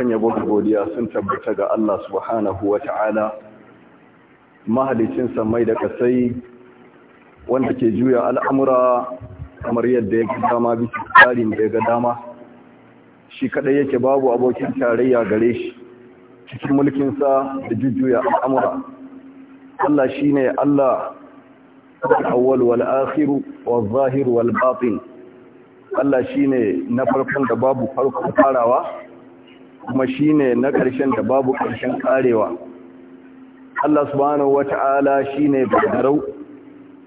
dukkan yabo da godiya sun tabbata ga Allah subhanahu wa ta'ala mahalicin samai da kasai wanda ke juya al'amura kamar yadda ya dama bisa tsarin da ga dama shi kadai yake babu abokin tarayya gare shi cikin mulkinsa da jujjuya al'amura Allah shi ne Allah awwal wal akhiru wal zahir wal batin Allah shi ne na farkon da babu farkon farawa kuma shine na ƙarshen da babu ƙarshen ƙarewa Allah subhanahu wata'ala shine garau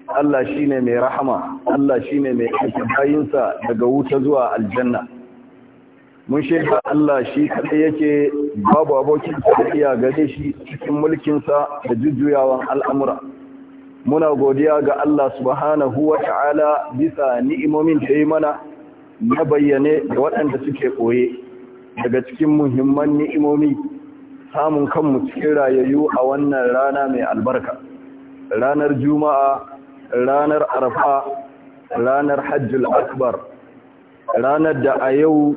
Allah shine mai rahama Allah shine mai aiki bayinsa daga wuta zuwa aljanna mun shaida Allah shi kadai yake babu abokin iya gare shi cikin mulkinsa da jujjuyawan al'amura muna godiya ga Allah subhanahu wata'ala bisa ni'imomin da yi mana na bayyane da waɗanda suke ɓoye. daga cikin muhimman ni'imomi samun kanmu cikin rayayyu a wannan rana mai albarka ranar juma'a ranar arfa ranar hajjul akbar ranar da a yau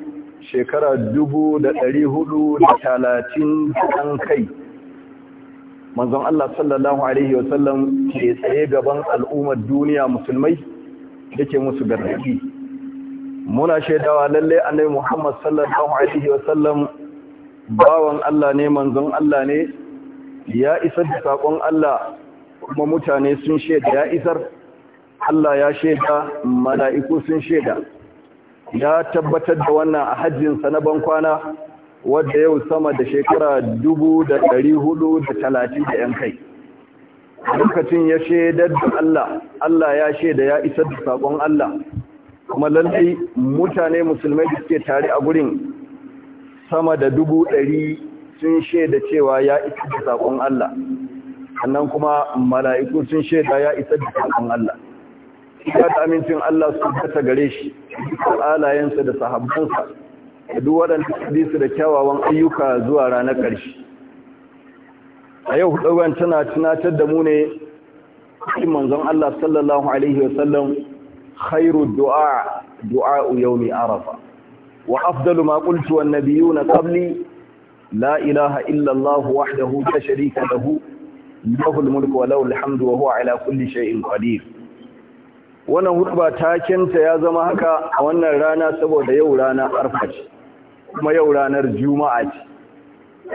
shekara dubu da ɗari hudu da talatin an kai manzon Allah sallallahu Alaihi wasallam ke tsaye gaban al'ummar duniya musulmai yake musu gargaɗi muna shaidawa lalle annabi Muhammad sallallahu alaihi wasallam bawan Allah ne manzon Allah ne ya isa da sakon Allah kuma mutane sun shaida ya isar Allah ya shaida mala'iku sun shaida ya tabbatar da wannan a hajjin sa na bankwana wanda yau sama da shekara dubu da yan kai lokacin ya shaidar da Allah Allah ya shaida ya isa da sakon Allah kuma lallai mutane musulmai da suke tare a gurin sama da dubu ɗari sun shaida cewa ya isa da saƙon Allah sannan kuma mala'iku sun shaida ya isa da saƙon Allah ya ta amincin Allah su kasa gare shi alayensa da sahabbansa da duk waɗanda su da kyawawan ayyuka zuwa ranar ƙarshe a yau hudu tana tunatar da mu ne cikin manzon Allah sallallahu alaihi wasallam خير الدعاء دعاء يوم عرفة وأفضل ما قلت والنبيون قبلي لا إله إلا الله وحده لا شريك له له الملك وله الحمد وهو على كل شيء قدير wannan hurba taken ya zama haka a wannan rana saboda yau rana arfa ce kuma yau ranar juma'a ce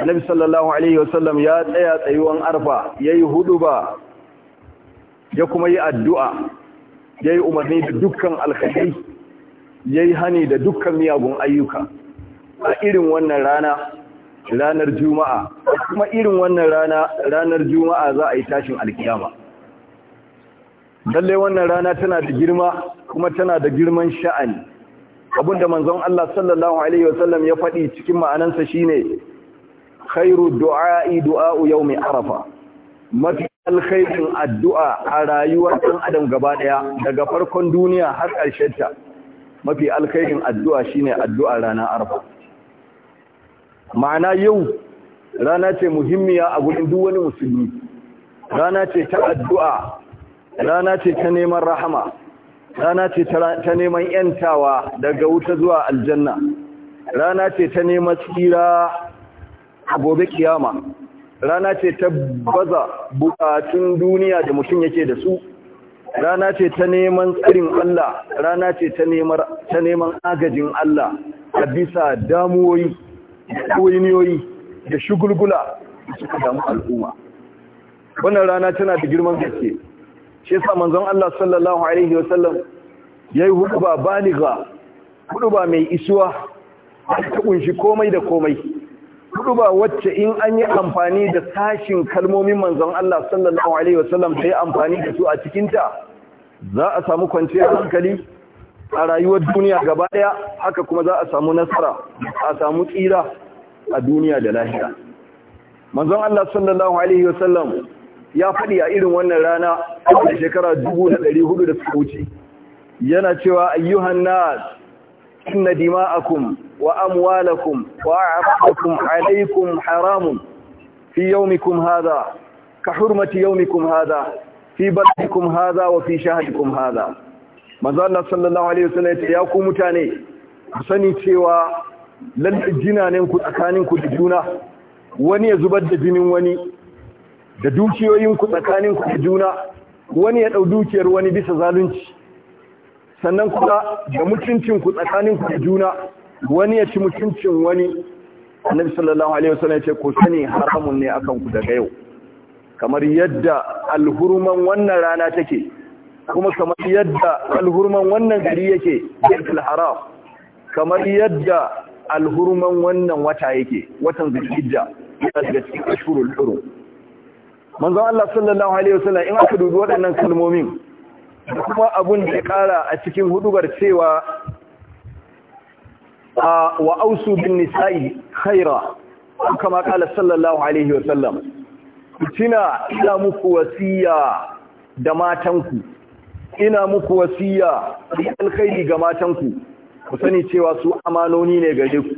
annabi sallallahu alaihi wasallam ya tsaya tsayuwan arfa yayi huduba ya kuma yi addu'a yayi umarni da dukkan ya yayi hani da dukkan miyagun ayyuka a irin wannan rana ranar juma'a kuma irin wannan rana ranar juma'a za a yi tashin alkiyama lalle wannan rana tana da girma kuma tana da girman sha'ani abinda manzon Allah sallallahu alaihi wasallam ya faɗi cikin ma'anansa shine khairu du'a'i du'a'u yawmi arafa mafi alkhairin addu'a a rayuwar ɗan adam gaba ɗaya daga farkon duniya har ta. mafi alkhairin addu'a shine addu'a rana arba. ma'ana yau rana ce muhimmiya a gudun duk wani musulmi rana ce ta addu'a rana ce ta neman rahama rana ce ta neman ‘yantawa daga wuta zuwa aljanna rana ce ta neman tsira a gobe kiyama rana ce ta baza bukatun duniya da mutum yake da su rana ce ta neman tsarin Allah rana ce ta neman agajin Allah a bisa damuwoyi da shugulgula da suka damu al'umma wannan rana tana da girman gaske shi yasa manzon Allah sallallahu alaihi wasallam yayi hudu ba baliga hudu ba mai isuwa ta kunshi komai da komai hudu ba wacce in an yi amfani da sashin kalmomin manzon Allah sallallahu alaihi wasallam da ya amfani da su a cikinta za a samu kwanciyar hankali a rayuwar duniya gaba daya haka kuma za a samu nasara a samu tsira a duniya da lahira manzon Allah sallallahu alaihi wasallam ya faɗi a irin wannan rana a shekara 1400 da suka wuce yana cewa ayyuhan nas إن دماءكم وأموالكم وأعراضكم عليكم حرام في يومكم هذا كحرمة يومكم هذا في بلدكم هذا وفي شهركم هذا manzo Allah sallallahu alaihi wasallam ya ku mutane ku sani cewa lalle jinanen ku da juna wani ya zubar da jinin wani da dukiyoyin ku da juna wani ya dau dukiyar wani bisa zalunci sannan kuma ga mutuncin ku tsakanin ku juna wani ya ci mutuncin wani annabi sallallahu alaihi wasallam ya ce ku sani haramun ne akan ku daga yau kamar yadda alhurman wannan rana take kuma kamar yadda alhurman wannan gari yake baitul haram kamar yadda alhurman wannan wata yake watan zulhijja yana daga cikin ashurul hurum manzon Allah sallallahu alaihi wasallam in aka dubi waɗannan kalmomin da kuma abun da ya kara a cikin hudubar cewa a ausu bin nisa'i khaira kama kala sallallahu alaihi wasallam kina ina muku wasiya da matanku ina muku wasiya da alkhairi ga matanku ku sani cewa su amanoni ne gare ku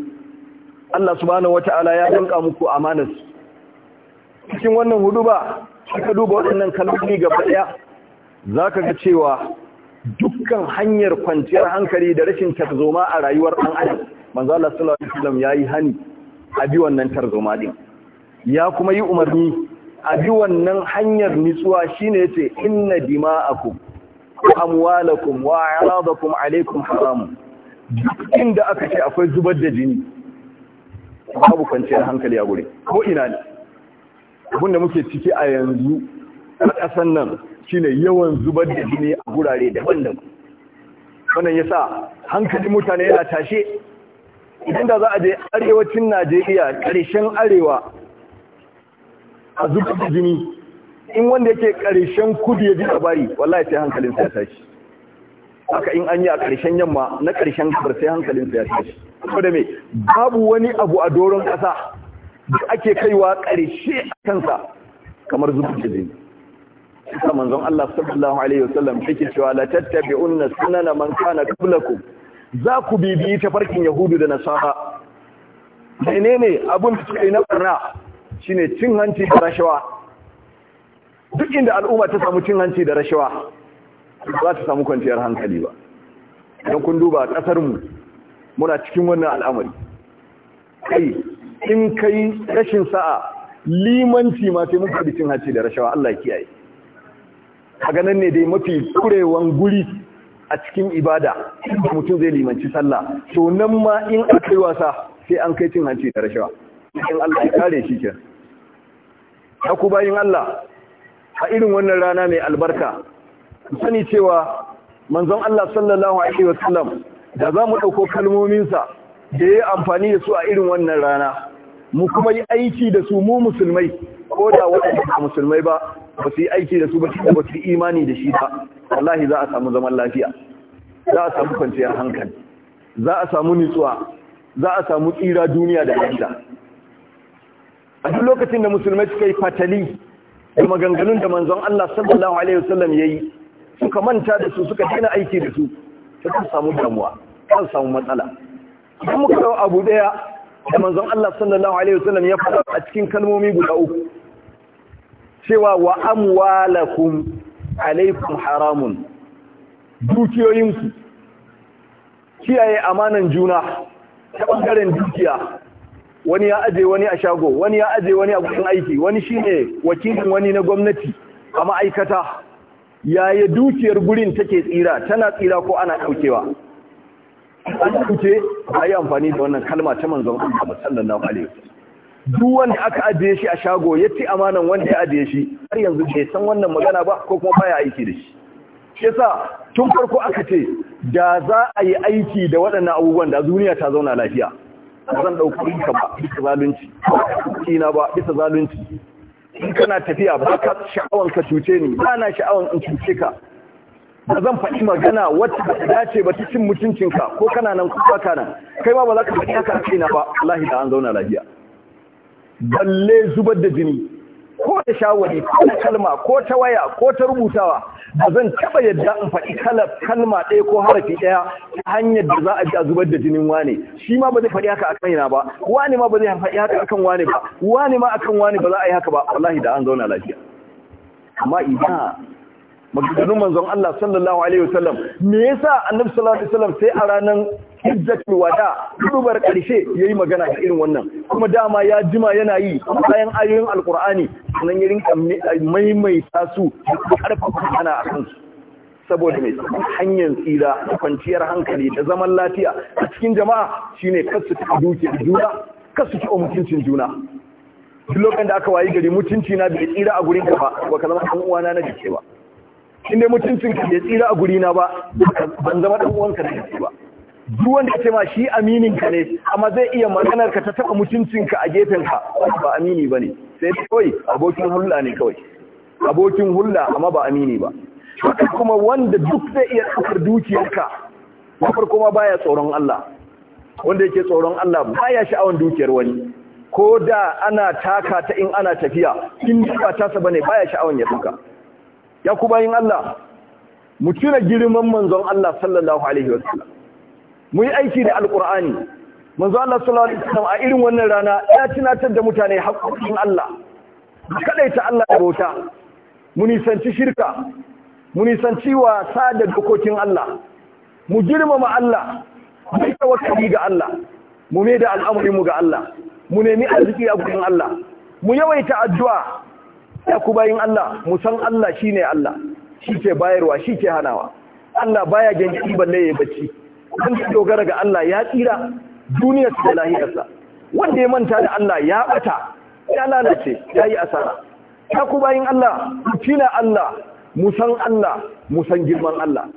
Allah subhanahu wataala ya danka muku amanarsu cikin wannan huduba aka duba waɗannan kalmomi gaba ɗaya za ka ga cewa dukkan hanyar kwanciyar hankali da rashin tarzoma a rayuwar ɗan adam manzo sallallahu alaihi wasallam yayi hani a bi wannan tarzoma din ya kuma yi umarni a bi wannan hanyar nitsuwa shine yace inna dima'akum wa amwalakum wa kuma, alaikum haramun duk inda aka ce akwai zubar da jini babu kwanciyar hankali a gure ko ina ne abinda muke ciki a yanzu a ƙasar nan shine yawan zubar da jini a gurare daban-daban wannan yasa hankali mutane yana tashe idan da za a je arewacin Najeriya ƙarshen arewa a zubar da jini in wanda yake ƙarshen kudu ya ji labari wallahi sai hankalin sa ya tashi haka in an yi a ƙarshen yamma na ƙarshen kabar sai hankalin sa ya tashi da me babu wani abu a doron ƙasa da ake kaiwa ƙarshe a kansa kamar zubar da jini Isa manzon Allah sallallahu alaihi wasallam yake cewa la tattabi'unna sunana man kana qablakum za ku ta farkin Yahudu da Nasara menene abun da suka na barna shine cin hanci da rashawa duk inda al'umma ta samu cin hanci da rashawa ba ta samu kwanciyar hankali ba dan kun duba kasar mu muna cikin wannan al'amari kai in kai rashin sa'a limanci ma sai muka bi cin hanci da rashawa Allah ya kiyaye a nan ne dai mafi kurewan guri a cikin ibada mutum zai limanci sallah to nan ma in aka wasa sai an kai cin hanci da rashawa in Allah ya kare shi ke ta ku bayin Allah a irin wannan rana mai albarka sani cewa manzon Allah sallallahu alaihi wasallam da za mu ɗauko kalmominsa da ya yi amfani da su a irin wannan rana mu kuma yi aiki da su mu musulmai ko da waɗanda musulmai ba ba su yi aiki da su ba tunda ba su yi imani da shi ba wallahi za a samu zaman lafiya za a samu kwanciyar hankali za a samu nutsuwa za a samu tsira duniya da lahira a duk lokacin da musulmai suka yi fatali da maganganun da manzon Allah sallallahu alaihi wasallam yayi suka manta da su suka daina aiki da su to kan samu damuwa kan samu matsala idan muka dau abu daya da manzon Allah sallallahu alaihi wasallam ya faɗa a cikin kalmomi guda uku cewa wa amwalakum alaikum haramun dukiyoyinku kiyaye amanan juna ta bangaren dukiya wani ya aje wani a shago wani ya aje wani a gudun aiki wani shine wakilin wani na gwamnati a ma'aikata yaya dukiyar gurin take tsira tana tsira ko ana ɗaukewa? an dauke a yi amfani da wannan kalma ta manzon Allah sallallahu alaihi wasallam duk wanda aka ajiye shi a shago ya ci amanan wanda ya ajiye shi har yanzu bai san wannan magana ba ko kuma baya aiki da shi shi yasa tun farko aka ce da za a yi aiki da waɗannan abubuwan da duniya ta zauna lafiya ba zan ɗauki ka ba bisa zalunci kina ba bisa zalunci in kana tafiya ba ka sha'awan ka cuce ni ba na sha'awan in cuce ka ba zan faɗi magana wacce ba ta dace ba ta cin mutuncinka ko kana nan ko ba kana kai ma ba za ka faɗi haka a kaina ba wallahi da an zauna lafiya balle zubar da jini ko ta shawari ko da kalma ko ta waya ko ta rubutawa ba zan taba yadda in faɗi kalma ɗaya ko harafi ɗaya ta hanyar da za a ji a zubar da jinin wane shi ma ba zai faɗi haka akan yana ba wane ma ba zai faɗi haka a kan wane ba wane ma a kan wane ba za a yi haka ba wallahi da an zauna lafiya amma idan magudanin manzon Allah sallallahu alaihi wasallam me yasa annabi sallallahu alaihi wasallam sai a ranar hijjatul wada dubar karshe yayi magana da irin wannan kuma dama ya jima yana yi bayan ayoyin alqur'ani yirin ya rinka maimaita su da kana ana kan su saboda mai hanyar tsira kwanciyar hankali da zaman lafiya a cikin jama'a shine kasu ta duke juna kasu ta mutuncin juna duk lokacin da aka wayi gari mutunci na bai tsira a gurin ka ba ka zama ɗan uwana na jike ba in dai mutuncin ka bai tsira a guri na ba ban zama dan uwanka da gaske ba duk wanda ya ce ma shi aminin ka ne amma zai iya maganar ka ta taba mutuncin ka a gefen ka ba amini bane sai kawai abokin hulɗa ne kawai abokin hulɗa amma ba amini ba haka kuma wanda duk zai iya tsakar dukiyarka na farko ma baya tsoron Allah wanda yake tsoron Allah baya sha'awan dukiyar wani ko da ana taka ta in ana tafiya in ba tasa bane baya sha'awan ya duka ya ku bayin Allah mu tuna girman manzon Allah sallallahu alaihi wasallam mu yi aiki da alqur'ani manzon Allah sallallahu alaihi wasallam a irin wannan rana ya tunatar da mutane haƙƙin Allah ta Allah da bauta mu nisanci shirka mu nisanci wasa da dokokin Allah mu girmama Allah mu tawakkali ga Allah mu mai da al'amarinmu ga Allah mu nemi arziki a gurin Allah mu yawaita addu'a ya ku bayin Allah mu san Allah shine Allah shi ke bayarwa shi ke hanawa Allah baya gangadi balle ya bacci wanda dogara ga Allah ya tsira duniyar da lahirarsa wanda ya manta da Allah ya bata ya lalace ya yi asara ya ku bayin Allah mu Allah mu san Allah mu girman Allah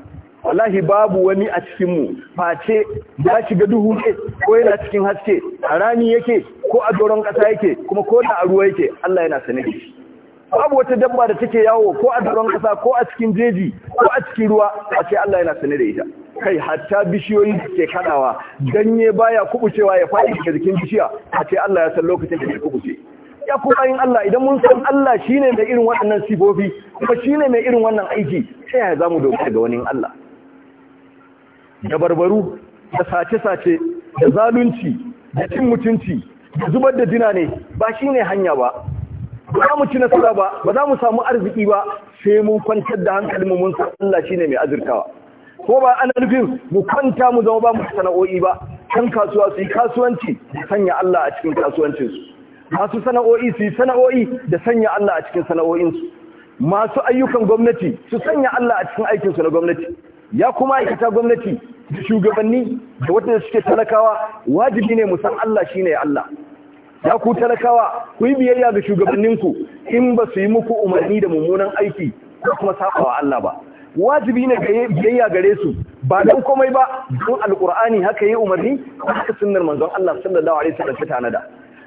wallahi babu wani a cikinmu face ya shiga duhu ne ko yana cikin haske a rani yake ko a doron ƙasa yake kuma ko da a ruwa yake Allah yana sane da shi babu wata dabba da take yawo ko a duron kasa ko a cikin jeji ko a cikin ruwa a ce Allah yana sane da ita kai hatta bishiyoyi ke kadawa ganye baya kubucewa ya faɗi daga jikin bishiya a ce Allah ya san lokacin da ya kubuce ya kuma yin Allah idan mun san Allah shine mai irin waɗannan sifofi kuma shine mai irin wannan aiki sai ya zamu dogara ga wani Allah da barbaru da sace-sace da zalunci da cin mutunci da zubar da jina ne ba shine hanya ba ba za mu ci nasara ba ba za mu samu arziki ba sai mun kwantar da hankalinmu mun san Allah shine mai azurtawa ko ba ana nufin mu kwanta mu zama ba mu sana'o'i ba kan kasuwa su yi kasuwanci da sanya Allah a cikin kasuwancinsu masu sana'o'i su yi sana'o'i da sanya Allah a cikin sana'o'insu masu ayyukan gwamnati su sanya Allah a cikin aikinsu na gwamnati ya kuma aikata gwamnati da shugabanni da wata suke talakawa wajibi ne mu san Allah shine Allah ya ku talakawa ku yi biyayya ga shugabanninku in ba su yi muku umarni da mummunan aiki ko kuma sabawa Allah ba wajibi ne ga biyayya gare su ba dan komai ba don alqur'ani haka yi umarni haka sunnar manzon Allah sallallahu alaihi wasallam ta tanada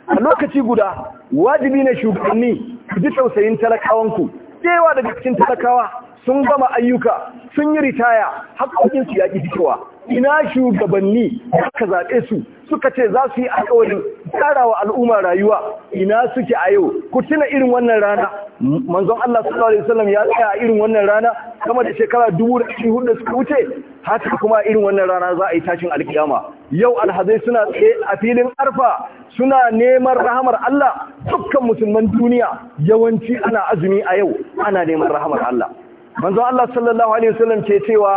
a lokaci guda wajibi ne shugabanni ku ji tausayin talakawanku cewa daga cikin talakawa sun gama ayyuka sun yi ritaya hakokin su yaƙi fitowa ina shugabanni haka zaɓe su suka ce za su yi alƙawarin gyara wa al'umma rayuwa ina suke a yau ku tuna irin wannan rana manzon Allah sallallahu alaihi wasallam ya tsaya a irin wannan rana kama da shekara dubu da da suka wuce haka kuma irin wannan rana za a yi tashin alkiyama yau alhazai suna tsaye a filin arfa suna neman rahamar Allah dukkan musulman duniya yawanci ana azumi a yau ana neman rahamar Allah manzon Allah sallallahu alaihi wasallam ce cewa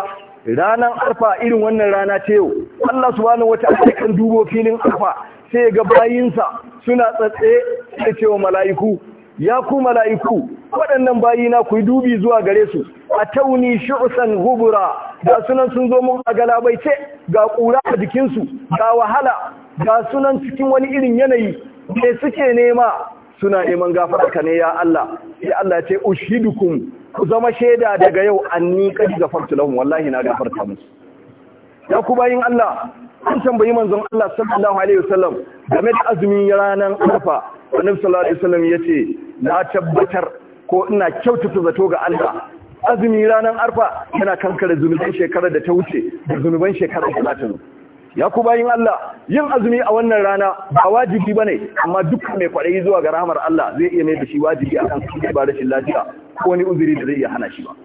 ranan arfa irin wannan rana ce yau Allah subhanahu wataala kan dubo filin arfa sai ga bayinsa suna tsatse da cewa mala'iku ya ku mala'iku waɗannan bayina ku dubi zuwa gare su a tauni shusan gubura ga sunan sun zo mun a galabaice ga ƙura a jikinsu ga wahala ga sunan cikin wani irin yanayi me suke nema suna neman gafara ka ne ya Allah ya Allah ce ushidukum ku zama shaida daga yau an anni kadi gafartu lahum wallahi na gafarta musu ya ku bayin Allah an tambayi manzon Allah sallallahu alaihi wasallam game da azumin ranar Arfa annabi sallallahu alaihi wasallam yace na tabbatar ko ina kyautata zato ga Allah azumi ranar Arfa yana kankare zunubin shekarar da ta wuce da zunuban shekarar da ta ya ku bayin Allah yin azumi a wannan rana ba wajibi bane amma duk mai kwaɗayi zuwa ga rahmar Allah zai iya mai da shi wajibi akan su ba rashin lafiya ko wani uzuri da zai iya hana shi ba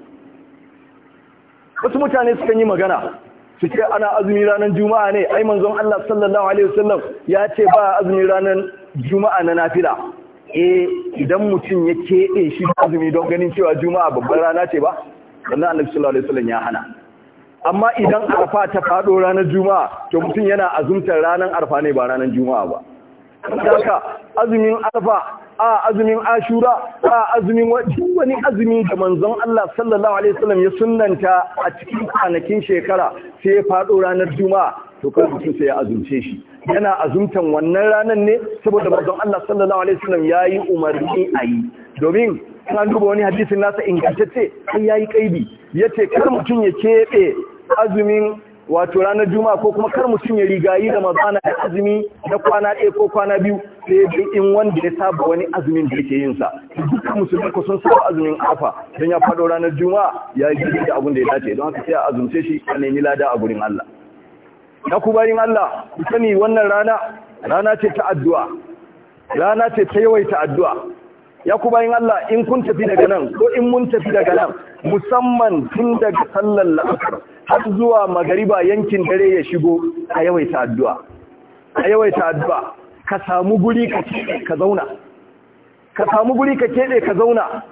wasu mutane sukan yi magana su ana azumi ranar juma'a ne ai manzon Allah sallallahu alaihi wasallam ya ce ba azumi ranar juma'a na nafila eh idan mutum ya keɗe shi azumi don ganin cewa juma'a babbar rana ce ba wannan annabi sallallahu alaihi wasallam ya hana amma idan arfa ta faɗo ranar juma'a to mutum yana azumtar ranar arfa ne ba ranar juma'a ba haka azumin arfa a azumin ashura a azumin wani azumi da manzon Allah sallallahu alaihi wasallam ya sunnanta a cikin kwanakin shekara sai ya faɗo ranar juma'a to kai mutum sai ya azumce shi yana azumtan wannan ranar ne saboda manzon Allah sallallahu alaihi wasallam yayi umarni a yi domin an duba wani hadisin nasa ingantacce sai yayi kaibi. yace kar mutum ya keɓe azumin wato ranar juma'a ko kuma kar mutum ya rigayi da mazana da azumi na kwana ɗaya ko kwana biyu sai dai in wanda ya saba wani azumin da yake yin sa dukkan musulmi ko sun saba azumin afa don ya faɗo ranar juma'a ya yi da abin da ya dace don haka sai a azumce shi a nemi lada a gurin Allah na ku bayin Allah ku sani wannan rana rana ce ta addu'a rana ce ta yawaita addu'a ya ku bayin Allah in kun tafi daga nan ko in mun tafi daga nan musamman tun daga sallar la'asar har zuwa magariba yankin dare ya shigo a yawaita addu'a a yawaita addu'a ka samu guri ka keɗe ka zauna ka samu guri ka keɓe ka zauna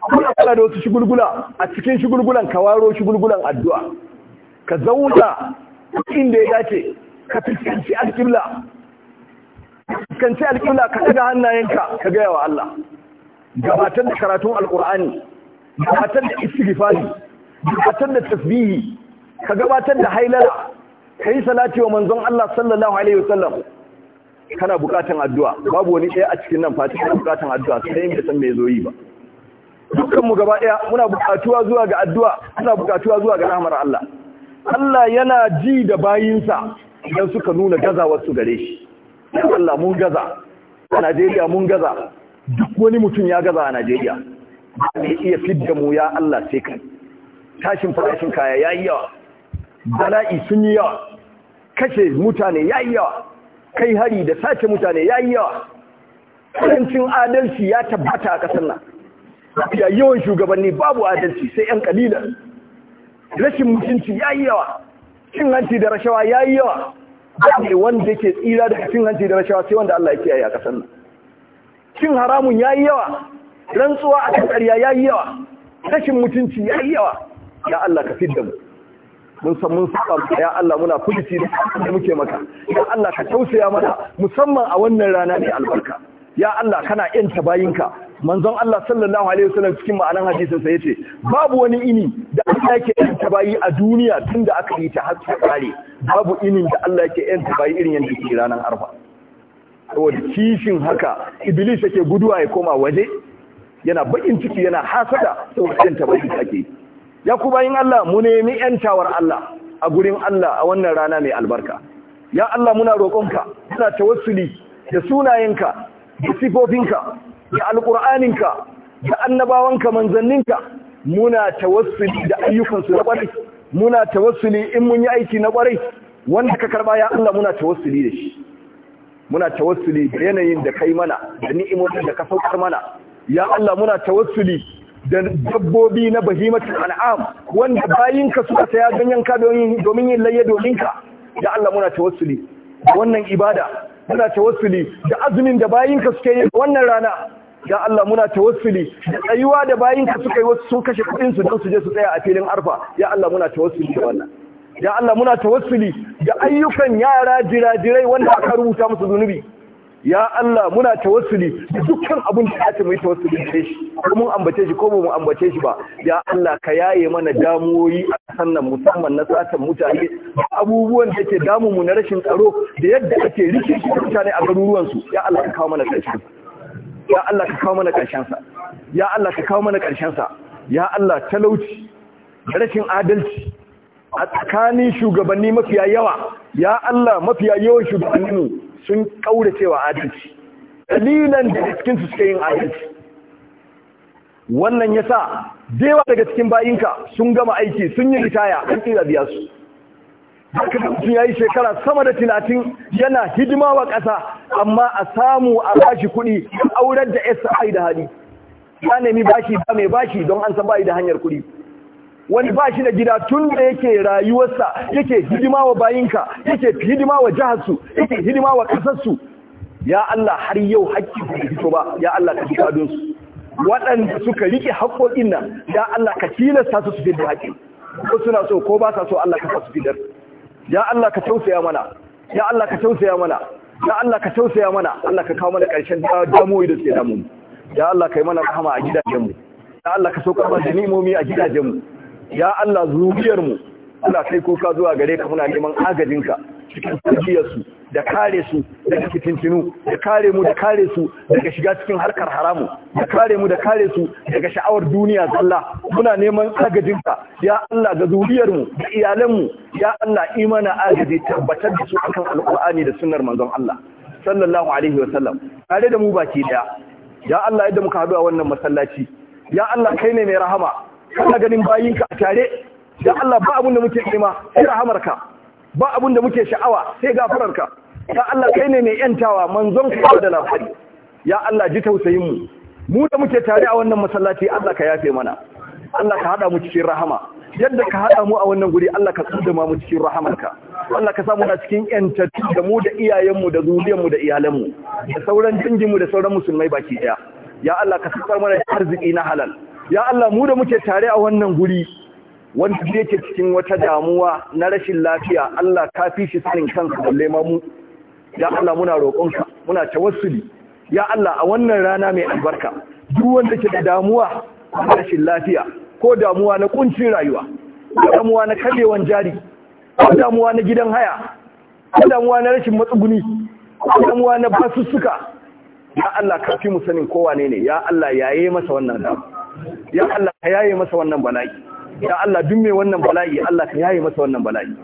kuna kala da wasu shigulgula a cikin shigulgulan ka waro shigulgulan addu'a ka zauna inda ya dace ka fuskanci alƙibla Fiskanci alƙibla ka daga hannayenka ka gaya wa Allah gabatar da karatun alƙur'ani gabatar da istighfari gabatar da tasbihi ka gabatar da hailala ka yi salati wa manzon Allah sallallahu alaihi wasallam kana bukatan addu'a babu wani ɗaya a cikin nan fati kana bukatan addu'a sai in san me ba dukkan mu gaba ɗaya muna bukatuwa zuwa ga addu'a muna bukatuwa zuwa ga rahmar Allah Allah yana ji da bayinsa idan suka nuna gazawar su gare shi ya Allah mun gaza a Najeriya mun gaza duk wani mutum ya gaza a Najeriya ba iya fidda mu ya Allah sai kai tashin farashin kaya yayi yawa bala'i sun yi yawa kashe mutane ya yi yawa kai hari da sace mutane ya yi yawa ƙarancin adalci ya tabbata a ƙasar nan ya yawan shugabanni babu adalci sai 'yan ƙalilan rashin mutunci ya yi yawa cin hanci da rashawa ya yi yawa ne wanda ke tsira daga cin hanci da rashawa sai wanda Allah ya kiyaye a ƙasar nan cin haramun ya yi yawa rantsuwa a kan ƙarya ya yi yawa rashin mutunci ya yi yawa ya Allah ka fidda mu mun san mun saba ya Allah muna fulici da muke maka ya Allah ka tausaya mana musamman a wannan rana ne albarka ya Allah kana yanta bayinka manzon Allah sallallahu alaihi wasallam cikin ma'anan hadisin sa yace babu wani ini da Allah yake yanta bayi a duniya tunda aka yi ta har ta kare babu inin da Allah yake yanta bayi irin yanda yake ranar arfa saboda kishin haka iblis yake guduwa ya koma waje yana bakin ciki yana hasada saboda yanta bayi take ya ku bayin Allah mu nemi yantawar Allah a gurin Allah a wannan rana mai albarka ya Allah muna roƙonka muna tawassuli da sunayenka da sifofinka da alƙur'aninka da annabawanka manzanninka muna tawassuli da ayyukansu na ƙwarai muna tawassuli in mun yi aiki na ƙwarai wanda ka karba ya Allah muna tawassuli da shi muna tawassuli da yanayin da kai mana da ni'imomin da ka saukar mana ya Allah muna tawassuli da dabbobi na bahimatul an'am wanda ka suka saya ganyen ka domin yin layya domin ka da Allah muna tawassuli wannan ibada muna tawassuli da azumin da ka suka yi wannan rana ya Allah muna tawassuli da tsayuwa da ka suka yi wasu sun kashe kuɗin su don su je su tsaya a filin arfa ya Allah muna tawassuli da wannan ya Allah muna tawassuli da ayyukan yara jira-jirai wanda aka rubuta musu zunubi ya Allah muna tawassuli da dukkan abin da ake mai tawassuli da shi ko mun ambace shi ko mun ambace shi ba ya Allah ka yaye mana damuwoyi a sannan musamman na satan mutane abubuwan da ke damu mu na rashin tsaro da yadda ake rike mutane a garuruwan su ya Allah ka kawo mana karshen ya Allah ka kawo mana karshen sa ya Allah ka kawo mana karshen sa ya Allah talauci da rashin adalci a tsakanin shugabanni mafiya yawa ya Allah mafiya yawan mu. sun kaurace wa adalci dalilan da cikin su suke yin adalci wannan yasa dewa daga cikin bayinka sun gama aiki sun yi ritaya an tsira biya su haka da mutum ya yi shekara sama da talatin yana hidima wa ƙasa amma a samu a bashi kuɗi aurar da sa da hali ya nemi bashi ba mai bashi don an san bayi da hanyar kuɗi wani ba shi da gida tun da yake rayuwarsa yake hidima wa bayinka yake hidima wa jiharsu yake hidima wa ƙasarsu ya Allah har yau haƙƙi ku da fito ba ya Allah ka fita don su waɗanda suka riƙe haƙƙoƙin nan ya Allah ka tilasta su su fi da haƙƙi ko suna so ko ba sa so Allah ka su fidar ya Allah ka tausaya mana ya Allah ka tausaya mana ya Allah ka tausaya mana Allah ka kawo mana ƙarshen damuwoyi da suke damu ya Allah ka yi mana rahama a gidajenmu ya Allah ka saukar mana da nimomi a gidajenmu ya Allah zuriyar mu Allah kai ko ka zuwa gare ka muna neman agajinka cikin tsakiyar su da kare su daga fitintinu da kare mu da kare su daga shiga cikin harkar haramu da kare mu da kare su daga sha'awar duniya zalla muna neman agajinka ya Allah ga zuriyar mu da iyalan ya Allah imana agaji tabbatar da su akan alqur'ani da sunnar manzon Allah sallallahu alaihi wa sallam tare da mu baki daya ya Allah yadda muka haɗu a wannan masallaci ya Allah kai ne mai rahama kana ganin bayinka a tare da Allah ba abin da muke nema sai rahamarka ba abin da muke sha'awa sai gafararka ya Allah kai ne mai yantawa manzon ku da labari ya Allah ji tausayin mu mu da muke tare a wannan masallaci Allah ka yafe mana Allah ka hada mu cikin rahama yadda ka hada mu a wannan guri Allah ka da mu cikin rahamarka Allah ka samu na cikin yantattu da mu da iyayenmu da zuriyarmu da iyalanmu da sauran danginmu da sauran musulmai baki daya ya Allah ka sakar mana arziki na halal ya Allah mu da muke tare a wannan guri wanda yake cikin wata damuwa na rashin lafiya Allah ka fi shi sanin kanka balle ma mu ya Allah muna roƙonka muna tawassuli ya Allah a wannan rana mai albarka duk wanda ke da damuwa na rashin lafiya ko damuwa na kuncin rayuwa ko damuwa na kallewan jari ko damuwa na gidan haya ko damuwa na rashin matsuguni ko damuwa na basussuka ya Allah ka fi mu sanin kowa ne ne ya Allah yaye masa wannan damuwa ya Allah ka yaye masa wannan bala'i ya Allah duk mai wannan bala'i Allah ka yaye masa wannan bala'i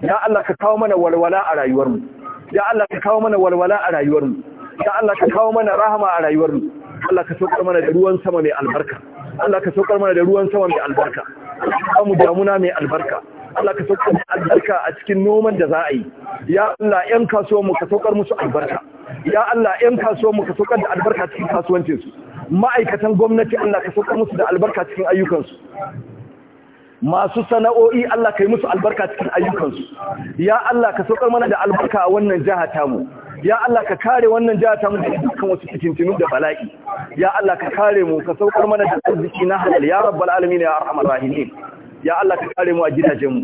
ya Allah ka kawo mana walwala a rayuwar mu. ya Allah ka kawo mana walwala a rayuwar mu. ya Allah ka kawo mana rahama a rayuwar mu Allah ka saukar mana da ruwan sama mai albarka Allah ka saukar mana da ruwan sama mai albarka Allah ka kawo mu damuna mai albarka Allah ka saukar mana albarka a cikin noman da za a yi. Ya Allah ‘yan mu ka saukar musu albarka, ya Allah ‘yan mu ka saukar da albarka cikin su ma'aikatan gwamnati Allah ka sauka musu da albarka cikin ayyukansu masu sana'o'i Allah ka yi musu albarka cikin ayyukansu ya Allah ka saukar mana da albarka a wannan jihata tamu ya Allah ka kare wannan jihata tamu da dukkan wasu fitintinu da bala'i ya Allah ka kare mu ka saukar mana da arziki na halal ya rabbal alamin ya arhamar rahimin ya Allah ka kare mu a gidajenmu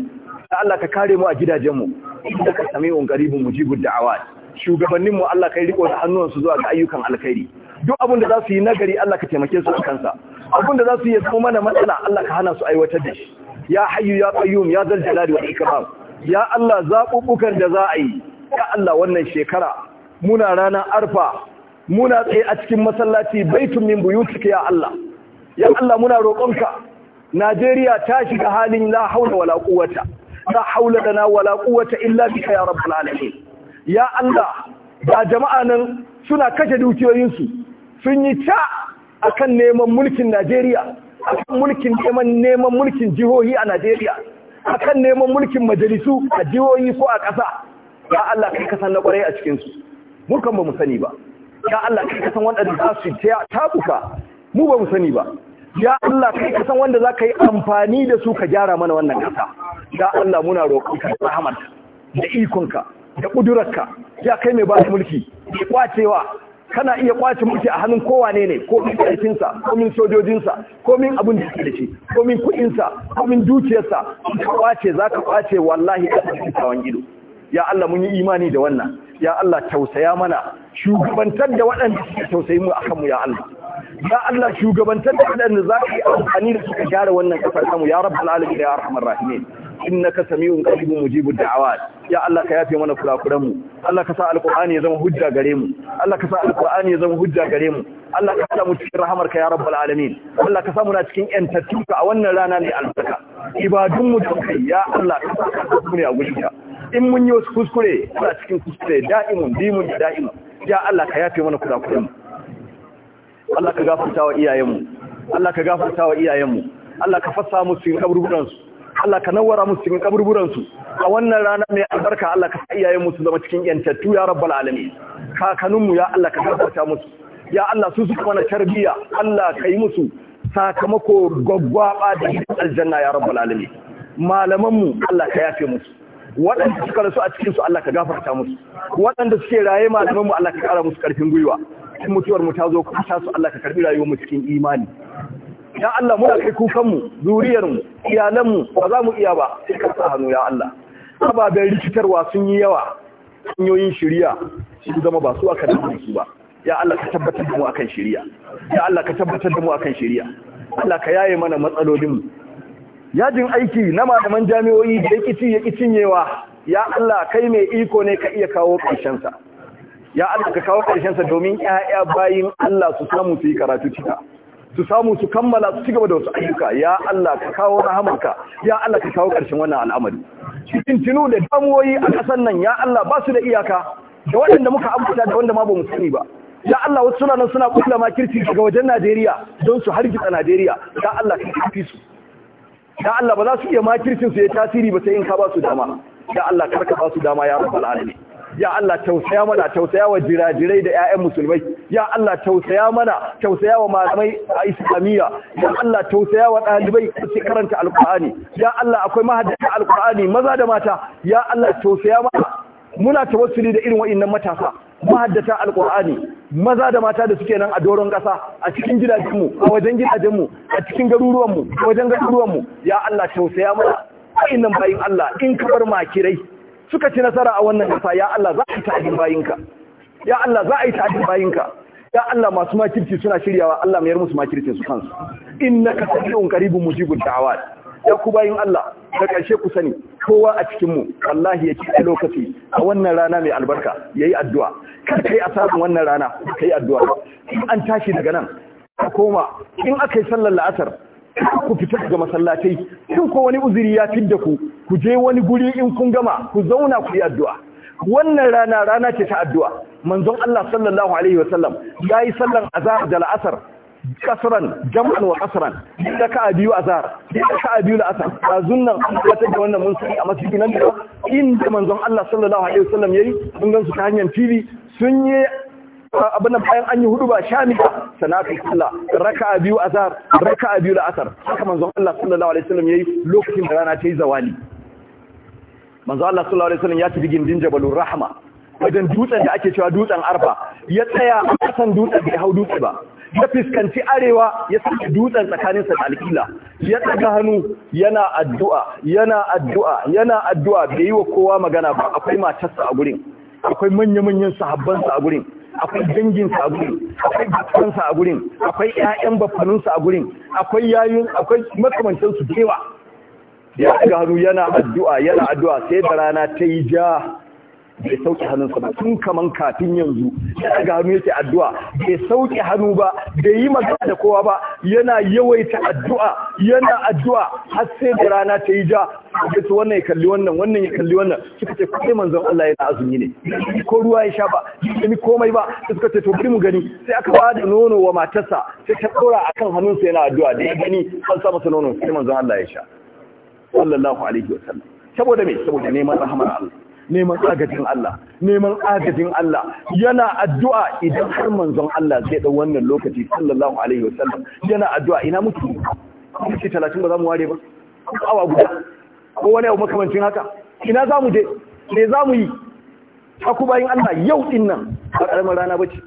ya Allah ka kare mu a gidajenmu inda ka sami un garibin mujibud da'awat shugabanninmu Allah ka yi riko da hannuwansu zuwa ga ayyukan alkhairi duk abin da za su yi nagari Allah ka taimake su a kansa abin da za su yi ya mana matsala Allah ka hana su aiwatar da shi ya hayyu ya qayyum ya zal jalali wa ikram ya Allah zabubukan da za a yi ya Allah wannan shekara muna rana arfa muna tsaye a cikin masallaci baitun min buyutika ya Allah ya Allah muna roƙonka Najeriya ta shiga halin la haula wala quwwata la haula lana wala quwwata illa bika ya rabbul alamin ya Allah ga jama'a nan suna kashe dukiyoyinsu sun yi ca akan neman mulkin Najeriya akan mulkin neman mulkin jihohi a Najeriya akan neman mulkin majalisu a jihohi ko a ƙasa ya Allah kai ka san na ƙwarai a cikinsu. mulkan mu kan ba mu sani ba ya Allah kai ka san wanda za su ta tabuka mu ba mu sani ba ya Allah kai ka san wanda za ka yi amfani da su ka gyara mana wannan ƙasa ya Allah muna roƙonka ka rahamar da ikonka da ƙudurarka ya kai mai ba mulki Ya kwacewa kana iya kwace mulki a hannun kowane ne ko min karfinsa ko min sojojinsa ko min abin da yake da shi ko min kuɗinsa ko min dukiyarsa ka kwace za ka kwace wallahi ka tafi tsawon gido ya Allah mun yi imani da wannan ya Allah tausaya mana shugabantar da waɗanda suke tausayi mu akan mu ya Allah ya Allah shugabantar da waɗanda za ka yi amfani da suka gyara wannan ƙasar samu ya rabbal alamin ya arhamar rahimin innaka samiun qaribun mujibud da'awat ya Allah ka yafe mana kurakuran mu Allah ka sa alqur'ani ya zama hujja gare mu Allah ka sa alqur'ani ya zama hujja gare mu Allah ka sa mu cikin rahamar ka ya rabbal alamin Allah ka sa mu na cikin yantattuka a wannan rana ne albarka ibadun mu da kai ya Allah ka sa ka ne a gurinka in mun yi wasu kuskure ana cikin kuskure da'imun dimun da'imun ya Allah ka yafe mana kurakuran mu Allah ka gafarta wa iyayenmu Allah ka gafarta wa iyayenmu Allah ka fassa musu cikin kaburburan su Allah ka nawara musu cikin kaburburan su a wannan rana mai albarka Allah ka sa iyayenmu su zama cikin yantattu ya rabbal alamin kakanninmu ya Allah ka gafarta musu ya Allah su suka mana tarbiyya Allah ka yi musu sakamako gwaggwaba da aljanna ya rabbal alamin malamanmu Allah ka yafe musu waɗanda suka rasu a cikinsu Allah ka gafarta musu waɗanda suke raye malamanmu Allah ka ƙara musu ƙarfin gwiwa in mutuwar mu ta zo ka sa su Allah ka karbi rayuwar mu cikin imani ya Allah muna kai kukan mu zuriyar mu iyalan mu ba za mu iya ba sai ka sa hannu ya Allah ababen rikitarwa sun yi yawa hanyoyin shiriya sun zama ba su aka dace su ba ya Allah ka tabbatar da mu akan shiriya ya Allah ka tabbatar da mu akan shiriya Allah ka yaye mana matsalolin mu yajin aiki na malaman jami'o'i da yake ci yake cinyewa ya Allah kai mai iko ne ka iya kawo ƙarshen sa ya Allah ka kawo sa domin ƴaƴa bayin Allah su samu su yi karatu cika, su samu su kammala su ci gaba da wasu ayyuka, ya Allah ka kawo rahamarka, ya Allah ka kawo ƙarshen wannan al'amari. Cikin tunu da damuwoyi a ƙasar nan, ya Allah ba su da iyaka, da waɗanda muka ambata da wanda ma ba mu sani ba. Ya Allah wasu suna nan suna kula makirci daga wajen Najeriya don su hargitsa Najeriya, ya Allah ka kafi su. Ya Allah ba za su iya kirkin su ya tasiri ba sai in ka ba su dama. Ya Allah karka ba su dama ya rabbal alamin. ya Allah tausaya mana tausaya wa jirajirai da ƴaƴan musulmai ya Allah tausaya mana tausaya wa malamai a islamiyya ya Allah tausaya wa ɗalibai su karanta alqur'ani ya Allah akwai mahaddata alqur'ani maza da mata ya Allah tausaya mana muna tawassuli da irin wa'annan matasa mahaddata alqur'ani maza da mata da suke nan a doron ƙasa a cikin gidajenmu a wajen gidajenmu a cikin garuruwanmu a wajen garuruwanmu ya Allah tausaya mana wa'annan bayin Allah in kabar makirai suka ci nasara a wannan kasa ya Allah za a yi ta'adin bayinka ya Allah za a yi ta'adin bayinka ya Allah masu makirci suna shiryawa Allah mayar musu makircin su kansu innaka sami'un qaribun mujibud da'awat ya ku bayin Allah da ƙarshe ku sani kowa a cikin mu wallahi ya ci lokaci a wannan rana mai albarka ya yi addu'a kar kai asarin wannan rana kai addu'a in an tashi daga nan ka koma in aka yi sallar la'asar ku fita daga masallatai in ko wani uzuri ya fidda ku ku je wani guri in kun gama ku zauna ku yi addu'a wannan rana rana ce ta addu'a manzon Allah sallallahu alaihi wasallam yayi sallan azhar da al'asr kasran jam'an wa kasran da ka biyu azhar da ka biyu al'asr azun nan wata da wannan mun sani a masjidin nan inda manzon Allah sallallahu alaihi wasallam yayi mun gansu ta hanyar TV sun yi abin nan bayan an yi hudu ba shami sana fi sallah raka'a biyu azhar raka'a biyu la'asar haka manzon Allah sallallahu alaihi wasallam yayi lokacin da rana ta yi zawali manzo Allah sallallahu alaihi wasallam ya tafi gindin Jabalur Rahma wajen dutsen da ake cewa dutsen Arfa ya tsaya a kasan dutsen bai hau dutse ba ya fiskanci arewa ya saki dutsen tsakanin sa da alƙila ya daga hannu yana addu'a yana addu'a yana addu'a bai yi wa kowa magana ba akwai matarsa a gurin akwai manya-manyan sahabbansa a gurin akwai danginsa a gurin akwai bakansa a gurin akwai ƴaƴan bakwaninsa a gurin akwai yayin akwai makamantansu dewa ya ga hannu yana addu'a yana addu'a sai da rana ta yi ja bai sauke hannunsa ba tun kaman kafin yanzu ya daga hannu yake addu'a bai sauke hannu ba bai yi magana da kowa ba yana yawaita addu'a yana addu'a har sai da rana ta yi ja sai su wannan ya kalli wannan wannan ya kalli wannan suka ce kai manzon Allah yana azumi ne ko ruwa ya sha ba ni komai ba suka ce to bari mu gani sai aka ba da nono wa matarsa sai ta dora akan hannunsa yana addu'a da ya gani an sa masa nono sai manzon Allah ya sha sallallahu alaihi wasallam saboda me saboda neman rahmar Allah neman agajin Allah neman agajin Allah yana addu'a idan har manzon Allah zai da wannan lokaci sallallahu alaihi wasallam yana addu'a ina muke muke 30 ba za mu ware ba awa guda ko wani abu makamancin haka ina za mu je me za mu yi aku bayin Allah yau din nan a karamar rana bace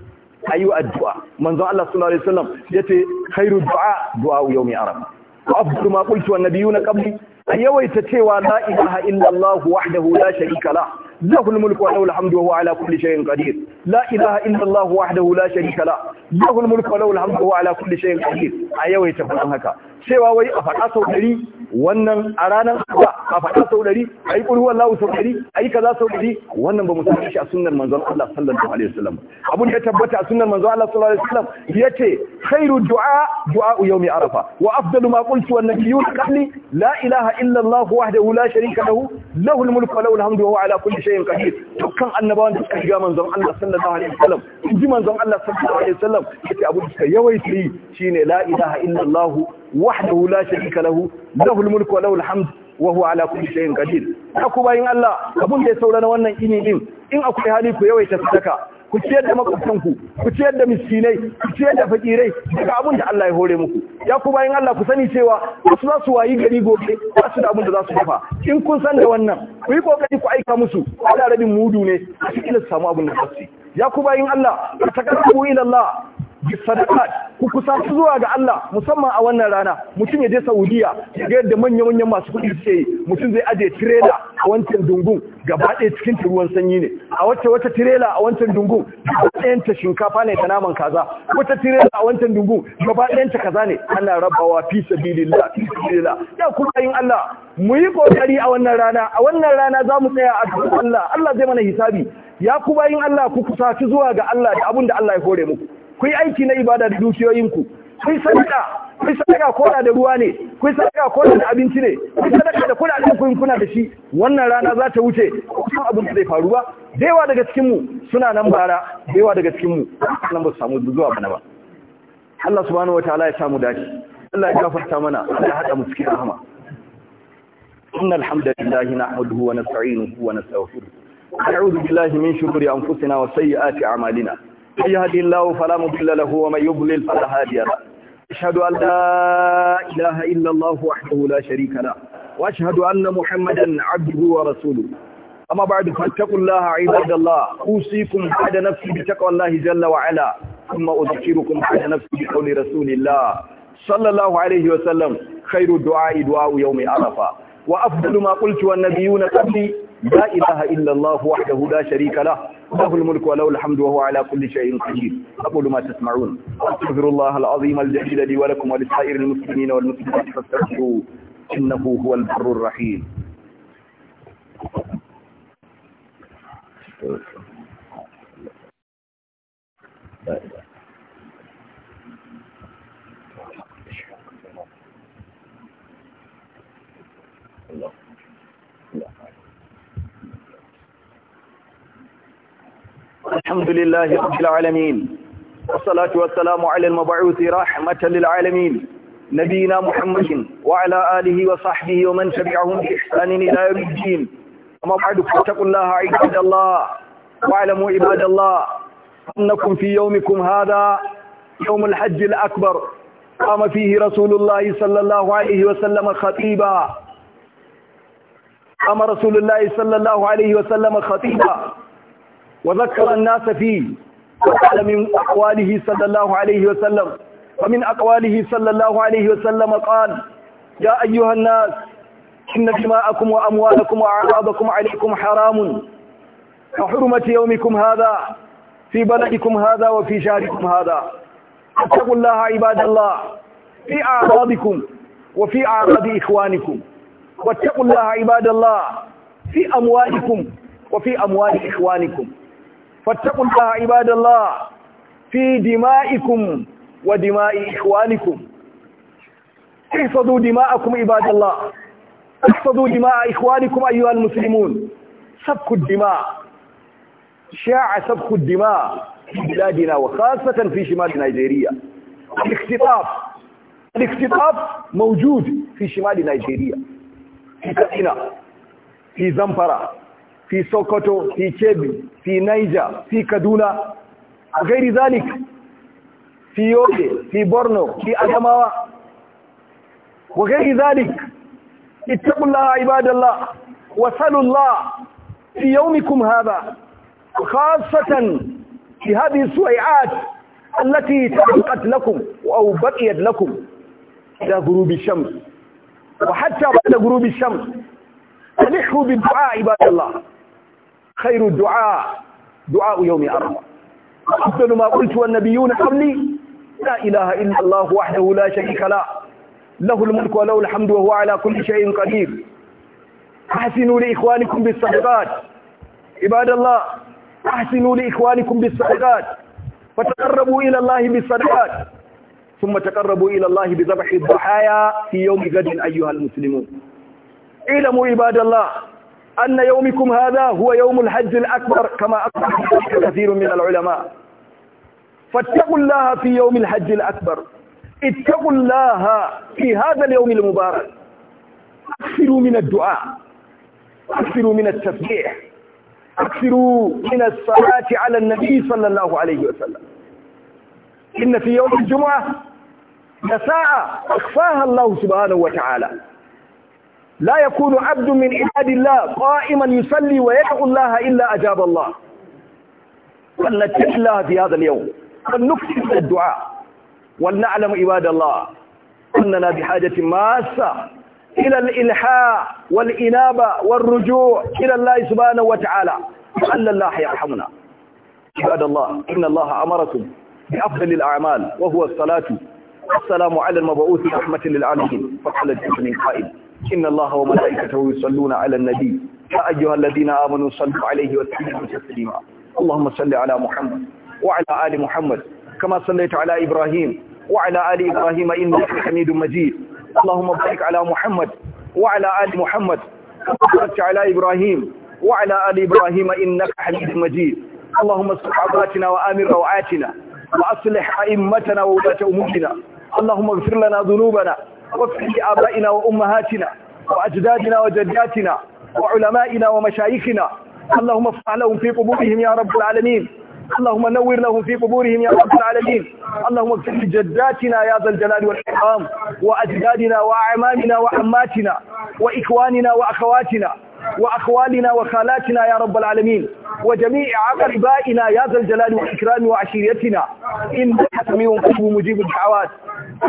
ayu addu'a manzon Allah sallallahu alaihi wasallam yace khairu du'a du'a yawmi arafa wa afdalu ma qultu wan nabiyuna qabli a yawaita cewa la ilaha illallah wahdahu la sharika la zahu almulku wa lahu alhamdu wa ala kulli shay'in qadir la ilaha illallah wahdahu la sharika la zahu almulku wa lahu alhamdu wa ala kulli shay'in qadir a yawaita kun haka cewa wai a faɗa sau ɗari wannan a ranar ba a faɗa sau ɗari a yi ƙulhuwan lawu sau ɗari a yi kaza sau ɗari wannan ba mu sami shi a sunnar manzon Allah sallallahu alaihi wasallam abin da ya tabbata a sunnar manzon Allah sallallahu alaihi wasallam yace khairu du'a du'a yawmi arafa wa afdalu ma qultu wan nabiyyu qabli la ilaha illa Allah wahdahu la sharika lahu lahul mulku wa lahul hamdu wa huwa ala kulli shay'in qadir dukkan annabawan da suka shiga manzon Allah sallallahu alaihi wasallam in ji manzon Allah sallallahu alaihi wasallam yace abun da yawaita shine la ilaha illa Allah wahdahu la sharika lahu lahul mulku wa lahul hamd wa huwa ala kulli shay'in qadir aku bayin Allah abun da ya saura wannan ini din in akwai hali ku yawaita sadaka ku ciyar da makwabtan ku ku ciyar da miskinai ku ciyar da fakirai daga abun da Allah ya hore muku ya ku bayin Allah ku sani cewa wasu za su wayi gari gobe ba su da abun da za su dafa in kun san da wannan ku yi kokari ku aika musu ala rabin mudu ne a cikin su samu abun da za su ya ku bayin Allah ka takarabu ila Allah bi sadaqat ku kusaci zuwa ga Allah musamman a wannan rana mutum ya je Saudiya ya ga yadda manya-manyan masu kuɗi suke yi mutum zai aje trailer a wancan dungun gaba ɗaya cikin ruwan sanyi ne a wacce wata tirela a wancan dungun gaba ɗayan ta shinkafa ne ta naman kaza wata tirela a wancan dungun gaba ɗayan ta kaza ne ana rabawa fi sabilillah fi sabilillah ya kuma yin Allah mu yi kokari a wannan rana a wannan rana za mu tsaya a gaban Allah Allah zai mana hisabi ya kuma yin Allah ku kusaci zuwa ga Allah da abin da Allah ya hore muku ku yi aiki na ibada da dukiyoyinku ku sadaka ku sadaka koda da ruwa ne ku sadaka koda da abinci ne ku sadaka da da ku kuna da shi wannan rana za ta wuce ko abin da zai faru ba da yawa daga cikin mu suna nan bara da yawa daga cikin mu nan ba su samu zuwa bana ba Allah subhanahu wataala ya samu dace Allah ya gafarta mana Allah ya hada mu cikin rahama إن الحمد لله نحمده ونستعينه ونستغفره نعوذ بالله من شرور أنفسنا وسيئات أعمالنا من يهدي الله فلا مضل له ومن يضلل فلا هادي له أشهد أن لا إله إلا الله وحده لا شريك له وأشهد أن محمدا عبده ورسوله أما بعد فاتقوا الله عباد الله أوصيكم بعد نفسي بتقوى الله جل وعلا ثم أذكركم بعد نفسي بقول رسول الله صلى الله عليه وسلم خير الدعاء دعاء يوم عرفة وأفضل ما قلت والنبيون قبلي لا إله إلا الله وحده لا شريك له له الملك وله الحمد وهو على كل شيء قدير أقول ما تسمعون أستغفر الله العظيم الجليل لي ولكم ولسائر المسلمين والمسلمات فاستغفروه إنه هو البر الرحيم لا إله الحمد لله رب العالمين والصلاة والسلام على المبعوث رحمة للعالمين نبينا محمد وعلى آله وصحبه ومن تبعهم بإحسان إلى يوم الدين أما بعد فاتقوا الله عباد الله واعلموا عباد الله أنكم في يومكم هذا يوم الحج الأكبر قام فيه رسول الله صلى الله عليه وسلم خطيبا قام رسول الله صلى الله عليه وسلم خطيبا وذكر الناس فيه وقال من أقواله صلى الله عليه وسلم ومن أقواله صلى الله عليه وسلم قال يا أيها الناس إن دماءكم وأموالكم وأعراضكم عليكم حرام وحرمة يومكم هذا في بلدكم هذا وفي شهركم هذا اتقوا الله عباد الله في أعراضكم وفي أعراض إخوانكم واتقوا الله عباد الله في أموالكم وفي أموال إخوانكم فاتقوا الله عباد الله في دمائكم ودماء إخوانكم احفظوا دماءكم عباد الله احفظوا دماء إخوانكم أيها المسلمون سفك الدماء شاع سفك الدماء في بلادنا وخاصة في شمال نيجيريا الاختطاف الاختطاف موجود في شمال نيجيريا في كأنا في زنفرة في سوكوتو في تشيبي في نيجا في كادونا غير ذلك في يوبي في بورنو في أدماوة وغير ذلك اتقوا الله عباد الله وسلوا الله في يومكم هذا خاصة في هذه السويعات التي تبقت لكم أو بقيت لكم إلى غروب الشمس وحتى بعد غروب الشمس تلحوا بالدعاء عباد الله خير الدعاء دعاء يوم عرفة أفضل ما قلت والنبيون قبلي لا إله إلا الله وحده لا شريك له له الملك وله الحمد وهو على كل شيء قدير أحسنوا لإخوانكم بالصدقات عباد الله أحسنوا لإخوانكم بالصدقات فتقربوا إلى الله بالصدقات ثم تقربوا إلى الله بذبح الضحايا في يوم غد أيها المسلمون اعلموا عباد الله أن يومكم هذا هو يوم الحج الأكبر كما أصبح كثير من العلماء فاتقوا الله في يوم الحج الأكبر اتقوا الله في هذا اليوم المبارك أكثروا من الدعاء أكثروا من التسبيح أكثروا من الصلاة على النبي صلى الله عليه وسلم إن في يوم الجمعة نساء أخفاها الله سبحانه وتعالى لا يكون عبد من عباد الله قائما يصلي ويدعو الله إلا أجاب الله فلنتق الله في هذا اليوم فلنكثر الدعاء ولنعلم عباد الله أننا بحاجة ماسة إلى الإلحاء والإنابة والرجوع إلى الله سبحانه وتعالى لعل الله يرحمنا عباد الله إن الله أمركم بأفضل الأعمال وهو الصلاة والسلام على المبعوث رحمة للعالمين فقال الجسم قائل إن الله وملائكته يصلون على النبي يا أيها الذين آمنوا صلوا عليه وسلموا تسليما اللهم صل على محمد وعلى آل محمد كما صليت على إبراهيم وعلى آل إبراهيم إنك حميد مجيد اللهم بارك على محمد وعلى آل محمد كما باركت على إبراهيم وعلى آل إبراهيم إنك حميد مجيد اللهم اصلح عباتنا وآمن روعاتنا وأصلح أئمتنا وولاة أمورنا اللهم اغفر لنا ذنوبنا واغفر لآبائنا وأمهاتنا وأجدادنا وجداتنا وعلمائنا ومشايخنا اللهم افتح لهم في قبورهم يا رب العالمين اللهم نور لهم في قبورهم يا رب العالمين اللهم اغفر لجداتنا يا ذا الجلال والإكرام وأجدادنا وأعمامنا وعماتنا وإخواننا وأخواتنا وأخوالنا وخالاتنا يا رب العالمين وجميع أقربائنا يا ذا الجلال والإكرام وعشيرتنا إنك سميع قريب مجيب الدعوات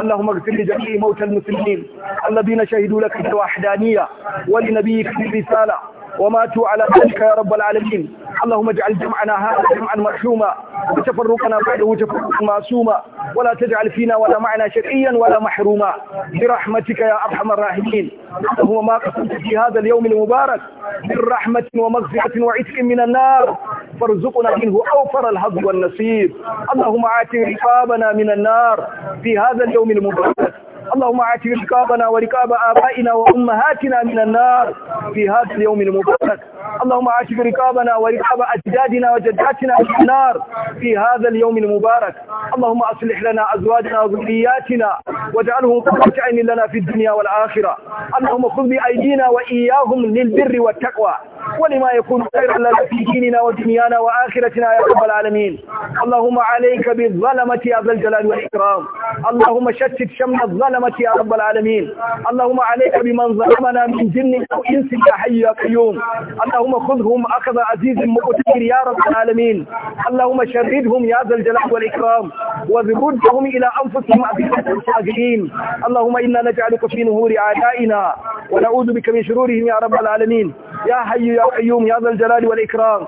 اللهم اغفر لجميع موتى المسلمين الذين شهدوا لك بالوحدانية ولنبيك بالرسالة وماتوا على ذلك يا رب العالمين اللهم اجعل جمعنا هذا جمعا مرحوما وتفرقنا بعده تفرقا معصوما ولا تجعل فينا ولا معنا شرعيا ولا محروما برحمتك يا ارحم الراحمين اللهم ما قسمت في هذا اليوم المبارك من رحمه ومغفره وعتق من النار فارزقنا منه اوفر الهض والنصيب اللهم اعت رقابنا من النار في هذا اليوم المبارك اللهم اعتق رقابنا ورقاب آبائنا وأمهاتنا من النار في هذا اليوم المبارك اللهم اعتق رقابنا ورقاب أجدادنا وجداتنا من النار في هذا اليوم المبارك اللهم أصلح لنا أزواجنا وذرياتنا واجعلهم قرة عين لنا في الدنيا والآخرة اللهم خذ بأيدينا وإياهم للبر والتقوى ولما يكون خيرا لنا في ديننا ودنيانا وآخرتنا يا رب العالمين اللهم عليك بالظلمة يا ذا الجلال والإكرام اللهم شتت شمل الظلمة ظلمت يا رب العالمين اللهم عليك بمن ظلمنا من جن أو إنس يا حي يا قيوم اللهم خذهم أخذ عزيز مقتدر يا رب العالمين اللهم شردهم يا ذا الجلال والإكرام وردهم إلى أنفسهم أذلة الفاجئين اللهم إنا نجعلك في نهور أعدائنا ونعوذ بك من شرورهم يا رب العالمين يا حي يا قيوم يا ذا الجلال والإكرام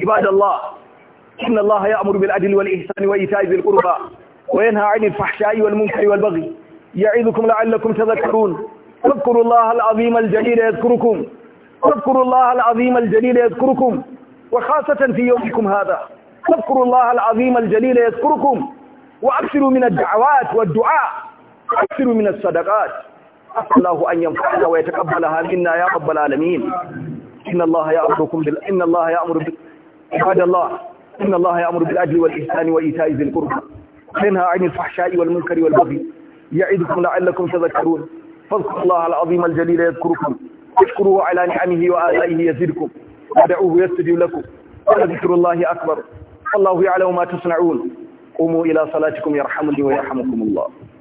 عباد الله إن الله يأمر بالعدل والإحسان وإيتاء ذي القربى وينهى عن الفحشاء والمنكر والبغي يعظكم لعلكم تذكرون واذكروا الله العظيم الجليل يذكركم واذكروا الله العظيم الجليل يذكركم وخاصة في يومكم هذا واذكروا الله العظيم الجليل يذكركم وأكثروا من الدعوات والدعاء وأكثروا من الصدقات أسأل الله أن ينفعنا ويتقبلها منا يا رب العالمين إن الله يأمركم بال... إن الله يأمر بال... عباد الله إن الله يأمر بالعدل والإحسان وإيتاء ذي القربى وينهى عن الفحشاء والمنكر والبغي يعدكم لعلكم تذكرون فاذكروا الله العظيم الجليل يذكركم واشكروه على نعمه وآلائه يزدكم ودعوه يستجيب لكم ولذكر الله أكبر الله يعلم ما تصنعون قوموا إلى صلاتكم يرحمني ويرحمكم الله